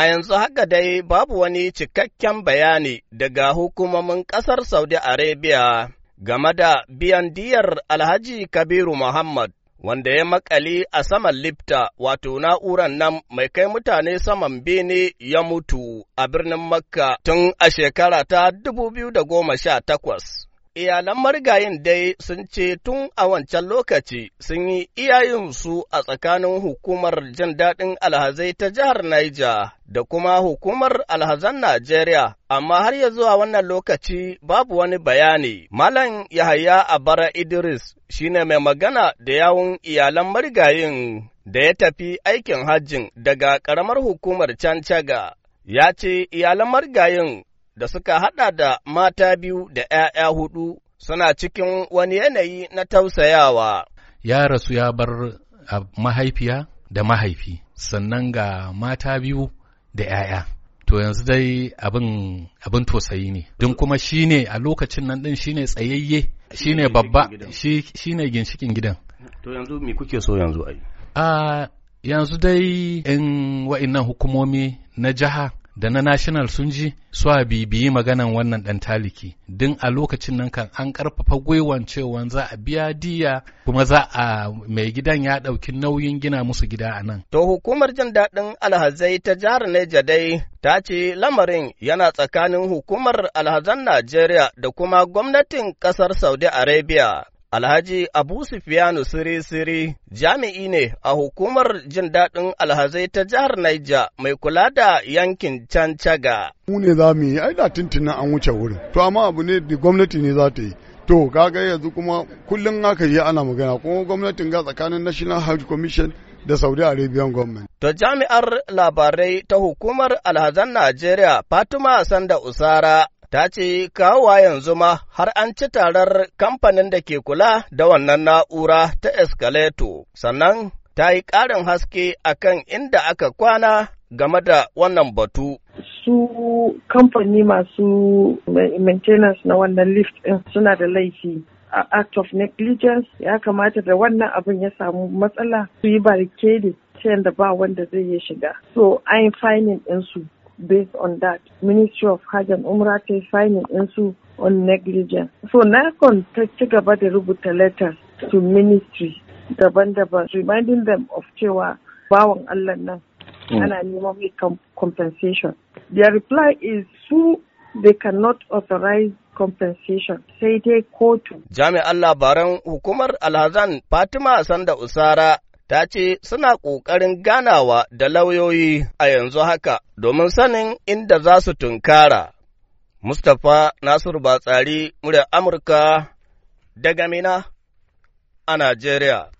A yanzu haka dai babu wani cikakken bayani daga hukumomin ƙasar Saudi Arabia game da biyan diyar Alhaji Kabiru Muhammad wanda ya makali a saman lifta wato na'uran nan mai kai mutane saman bene ya mutu a birnin Makka tun a shekara ta 2018. Iyalan marigayin dai sun ce tun a wancan lokaci sun yi iyayensu a tsakanin hukumar jin daɗin alhazai ta jihar Niger da kuma hukumar alhazan Najeriya, amma har ya zuwa wannan lokaci babu wani bayani. Malam Yahaya Abara Idris shi ne mai magana da yawun iyalan marigayin da ya tafi aikin hajjin daga ƙaramar hukumar Cancaga. ya ce iyalan marigayin da suka haɗa da mata biyu da ‘ya'ya hudu suna cikin wani yanayi na tausayawa. Ya rasu ya bar mahaifiya da mahaifi, sannan ga mata biyu da ‘ya'ya. To yanzu dai abin abin tosayi ne, don kuma shi ne a lokacin nan ɗin shi ne tsayayye, shi ne babba, shi ne ginshikin gidan. To yanzu me kuke so yanzu ai? A yanzu dai in wa'innan hukumomi na jiha da na national sun ji su a bibiyi maganan wannan ɗan taliki din a lokacin nan kan an karfafa gwiwan cewa za a biya diya kuma za a mai gidan ya ɗauki nauyin gina musu gida a nan. To hukumar jin daɗin alhazai ta jihar Neja dai ta ce lamarin yana tsakanin hukumar alhazan Najeriya da kuma gwamnatin ƙasar Saudi Arabia. Alhaji Abu Sufiyanu Siri-Siri jami'i ne a hukumar jin daɗin alhazai ta jihar Naija mai kula da yankin Can Caga. Mu ne za mu yi, ai da tuntunan an wuce wurin. To amma abu ne da gwamnati ne za ta yi. To kaga yanzu kuma kullum haka yi ana magana kuma gwamnatin ga tsakanin National Health Commission da Saudi Arabian Government. To jami'ar labarai ta hukumar alhazan Najeriya Fatima Sanda Usara ta ce kawowa yanzu ma har an ci tarar kamfanin da ke kula da wannan na'ura ta escalator, sannan ta yi ƙarin haske akan inda aka kwana game da wannan batu. Su kamfani masu maintenance na wannan lift ɗin suna da laifi. a act of negligence ya kamata da wannan abin ya samu matsala su yi barricade ta yadda ba wanda zai ya shiga. So, an yi finin ɗinsu. based on that. Ministry of Hajj and Umrah ta yi finding su on negligence. So NACON ta ci gaba da rubuta letter to ministry daban-daban reminding them of cewa bawan Allah nan mm. ana neman mai compensation. Their reply is su they cannot authorize compensation sai dai kotu. Jami'an labaran hukumar Alhazan Fatima Sanda Usara ta ce suna ƙoƙarin ganawa da lauyoyi a yanzu haka domin sanin inda za su tunkara. Mustapha Nasiru Batsari, muryar Amurka daga Mina a Najeriya.